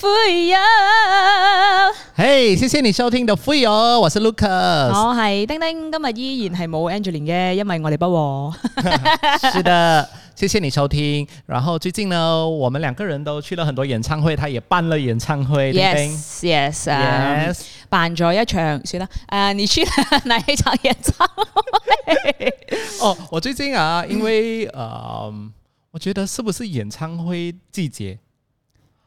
富、hey, 有。嘿 謝謝你收聽的富有，我是 Lucas，我係丁丁。今日依然係冇 Angeline 嘅，因為我哋不和。 是的，謝謝你收聽。然後最近呢，我們兩個人都去了很多演唱會，他也辦了演唱會。Yes, 對對 yes, yes、um,。辦咗一場，算啦。誒、uh,，你去了哪一場演唱會？哦 ，oh, 我最近啊，因為嗯，um, 我覺得是不是演唱會季節？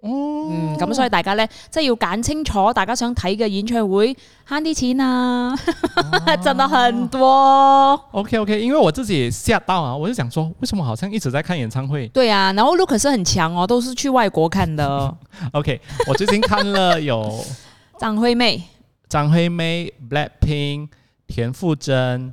哦、嗯，咁所以大家咧，即係要揀清楚，大家想睇嘅演唱會慳啲錢啊，賺得、哦、很多。OK OK，因為我自己吓到啊，我就想說，為什麼好像一直在看演唱會？對啊，然後 Lucas 是很強哦，都是去外國看的。 OK，我最近看了有張惠妹、張 惠妹、Blackpink、田馥甄。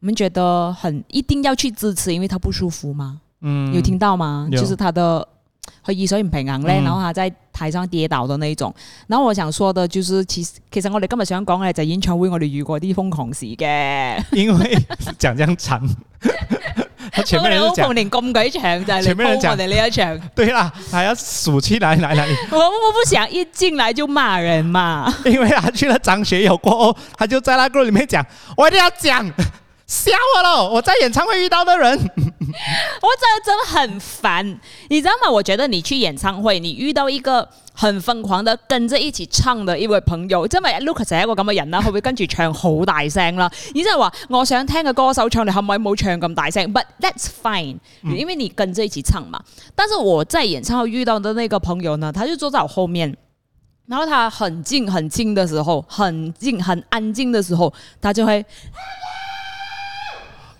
我們覺得很，一定要去支持，因為他不舒服嗎？嗯，有聽到嗎？就是他的耳水不平衡嘞，嗯，然後他在台上跌倒的那一種。然後我想說的就是，其實其實我哋今日想講嘅就係演唱會，我哋遇過啲瘋狂事嘅。因為講這樣長，我前 面都講咁鬼長，就係前面講嘅呢一場。 對啦，還要數起來來來。 我我不想一進來就罵人嘛。 因為他去了張學友過後，他就在那群裏面講，我一定要講。吓我嘍！我在演唱會遇到的人， 我真的真的很煩，你知道嗎？我覺得你去演唱會，你遇到一個很瘋狂的跟着一起唱的一位朋友，這麼 Lucas 係一個咁嘅人呢，會不會跟住唱好大聲啦？你即係話我想聽個歌手唱，你係咪冇唱咁大聲？But that's fine，因為你跟着一起唱嘛。嗯。但是我在演唱會遇到的那個朋友呢，他就坐在我後面，然後他很靜、很靜的時候，很靜、很安靜的時候，他就會。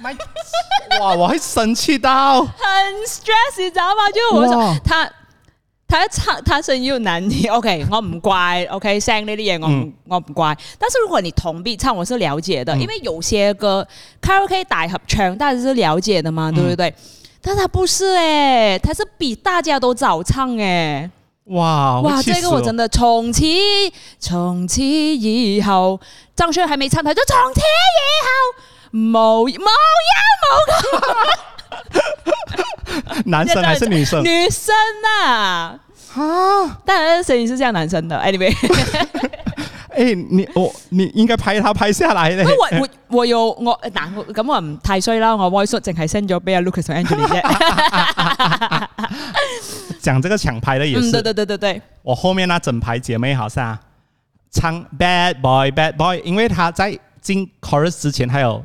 哇！我會生氣到、哦，很 stress，你知道嗎？就我說，他他唱，他聲音又難聽。OK，我唔怪。OK，聲呢啲嘢我不我唔怪。但是如果你同壁唱，我是了解的，嗯、因為有些歌卡拉 OK 大合唱，大家是了解的嘛，對不對？嗯、但他不是誒、欸，他是比大家都早唱誒、欸。哇我哇，這個我真的從此從此以後，張學友仲未唱，佢就從此以後。某某呀，某個 男生還是女生？女生呐，啊，當然聲音是像男生的。Anyway，哎、 欸，你我你應該拍他拍下來嘞。我我我有我男，咁、啊啊、我唔太衰啦，我 show，會說淨係 send 咗俾阿 Lucas 同 Angeline 先。講這個搶拍的也是、嗯，對對對對對，對。我後面那整排姐妹好像，唱 Bad Boy Bad Boy，因為他在進 chorus 之前還有。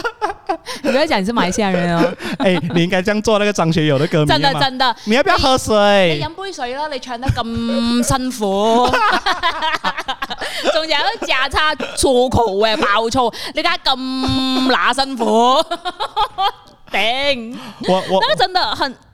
你不要講你是馬來西亞人哦、啊！哎、欸，你應該這樣做那個張學友的歌、啊，真的真的。你要不要喝水？你飲杯水啦！你唱得咁辛苦，仲 有假唱粗口嘅爆粗，你家咁乸辛苦，頂！ 我我真的很。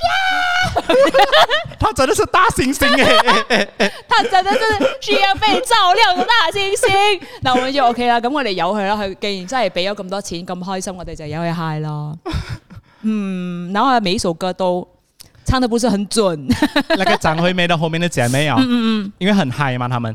Yeah! 他真的是大猩猩哎、欸欸！欸欸、 他真的是需要被照亮的大猩猩。 那我們就 OK 啦，咁我哋由佢啦，佢既然真係俾咗咁多錢咁開心，我哋就由佢 high 啦。嗯，然後每一首歌都唱得不是很準， 那個張輝沒到後面的姐妹啊， 嗯嗯，因為很嗨嘛他們。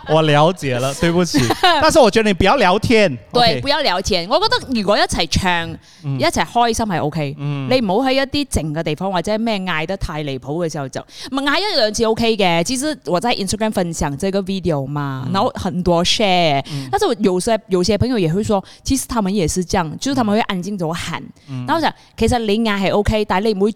我了解了，對不起， 但是我覺得你不要聊天，對、okay，不要聊天。我覺得如果一起唱，嗯、一起開心係 O K，你唔好喺一啲靜嘅地方或者咩嗌得太離譜嘅時候就，咪嗌一兩次 O K 嘅。其實我在 Instagram 分享這個 video 嘛，嗯、然後很多 share、嗯。但是有時有些朋友也會說，其實他們也是這樣，就是他們會安靜咗喊、嗯。然後我想，其實你嗌係 O K，但你唔會。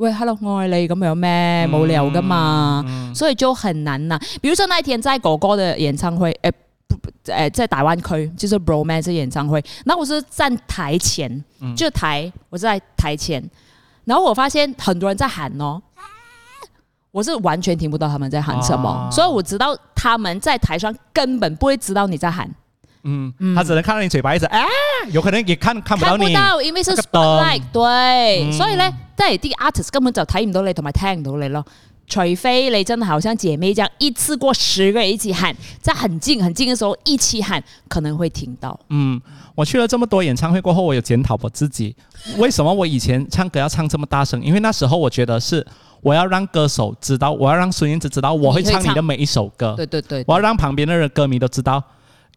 喂，hello，愛你咁有咩無聊噶嘛、嗯，所以就很難啦。比如說那一天在哥哥的演唱會，誒，誒，在大灣區，就是 Bro Man 嘅演唱會。然後我是站台前，嗯、就台我是在台前，然後我發現很多人在喊哦，我是完全聽不到他們在喊什麼。啊、所以我知道他們在台上根本不會知道你在喊。嗯，嗯，他只能看到你嘴巴一直。哎、啊啊，有可能也看看不到你。看不到，因為是 spotlight 對、嗯。所以呢在這個 artist 根本就睇唔到你，同埋聽唔到你咯。除非你真的好像姐妹這樣，一次過十個人一起喊，在很近很近的時候一起喊，可能會聽到。嗯，我去了這麼多演唱會過後，我有檢討我自己，為什麼我以前唱歌要唱這麼大聲？ 因為那時候我覺得是我要讓歌手知道，我要讓孫燕姿知道我會唱你的每一首歌。對對對。我要讓旁邊的人歌迷都知道。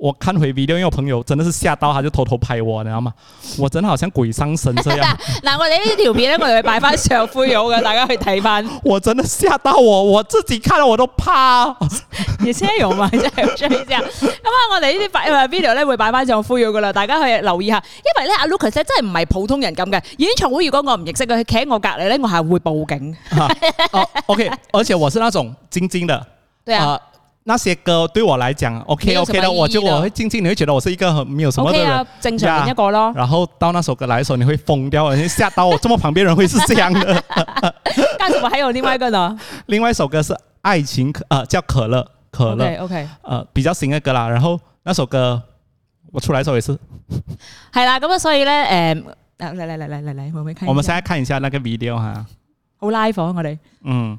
我看回 video，因為我朋友真的是嚇到，他就偷偷拍我，你知道嗎？我真的好像鬼上身這樣。嗱， 我哋呢條片咧， 我哋會擺翻上 FUYOH 嘅， 大家去睇翻。我真的嚇到我，我自己看到我都怕，啊。而 且 有嘛？真係有這樣。咁啊，我哋呢啲 video 咧會擺翻上 FUYOH 噶啦，大家去留意下。因為咧，阿 Lucas 真係唔係普通人咁嘅。演唱會如果我唔認識佢，企喺我隔籬咧，我係會報警。好、啊啊 啊、OK，而且我是那種精精的。對啊。呃那些歌對我來講，OK OK 的，我就我會靜靜，你會覺得我是一個很沒有什麼的人，正常人一個咯。然後到那首歌來的時候，你會瘋掉，你會嚇到我。咁麼旁邊人會是這樣的？但係我還有另外一個呢。另外一首歌是愛情可，啊叫可樂，可樂，OK OK，啊比較新嘅歌啦。然後那首歌我出來時候也是，係啦。咁麼所以呢，誒，來來來來來來，我們看，我們現在看一下那個 video 哈，好 live 我哋，嗯。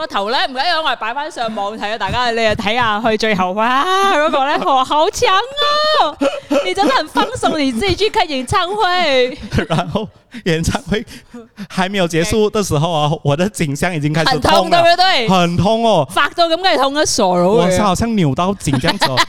個頭咧，唔緊要，我係擺翻上網睇，大家你又睇下去最後，哇佢個咧，我 好慘啊、哦！你真係放鬆，你自己去開演唱會， 然後演唱會還沒有結束嘅時候啊，okay. 我的頸項已經開始痛，對不對？很痛哦，發到咁梗係痛啊，傻佬！我好像，好像扭到頸咁坐。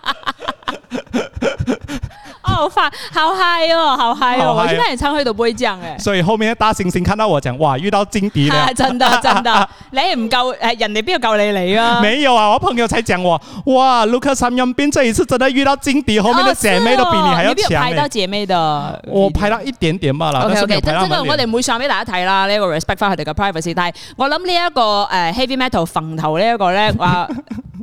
好，好嗨 high、喔、哦，好 high 哦、喔！我覺得演唱會都不會這樣誒。所以後面大猩猩看到我講，哇，遇到勁敵真的真的，真的啊、你唔夠誒，人哋邊度夠你嚟啊？沒有啊，我朋友才講我，哇，Lucas Ham Yon Pin 這一次真的遇到勁敵，後面的姐妹都比你還要強誒、哦哦。你邊度拍到姐妹的？我拍到一點點罷 o、okay, okay, 我真係、okay, 我哋唔會上俾大家睇啦，呢、這個 respect 翻佢哋嘅 privacy。但係我諗呢一個誒 heavy metal 墳頭呢一個咧話。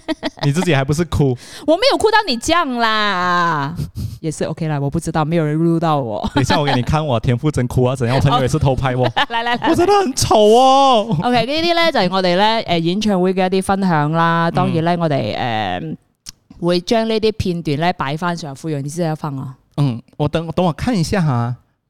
你自己還不是哭？我沒有哭到你這樣啦， 也是 OK 啦。我不知道，沒有人錄到我。 等一下我給你看，我田馥甄哭啊，怎樣？我朋友也是偷拍我。嚟 嚟，我真的很醜啊、哦。OK，這些呢啲咧就係、是、我哋咧誒演唱會嘅一啲分享啦。當然咧、嗯，我哋誒、呃、會將呢啲片段咧擺翻上 Fuyoh，你先嚟放啊。嗯，我等我等，我看一下吓、啊。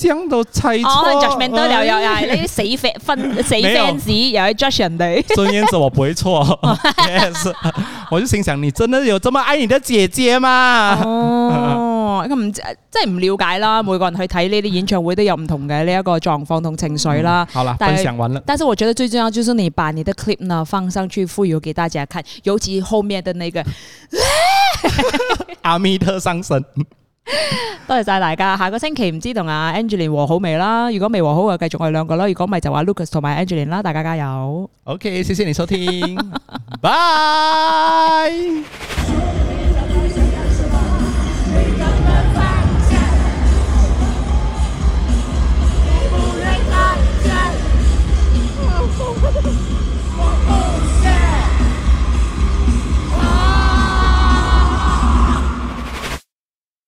這到 m n 都猜錯，欸 oh, 有有有，哎，呢啲死粉、死 fans 又去 judge 人哋。孫燕姿，我唔會錯，oh. yes, 我就心想你真係有咁樣愛你的姐姐嘛。哦，唔、oh, 嗯、真係唔了解啦，每個人去睇呢啲演唱會都有唔同嘅呢一個狀況同情緒啦。嗯、好啦，分享完了。但是我覺得最重要就是你把你的 clip 呢放上去，附有給大家看，尤其後面嘅那個 阿密特上身。 多謝晒大家，下個星期唔知同阿 Angeline 和好未啦？如果未和好，就繼續我哋兩個，如果唔係就話 Lucas 同埋 Angeline 啦，大家加油。OK，謝謝你收聽，拜。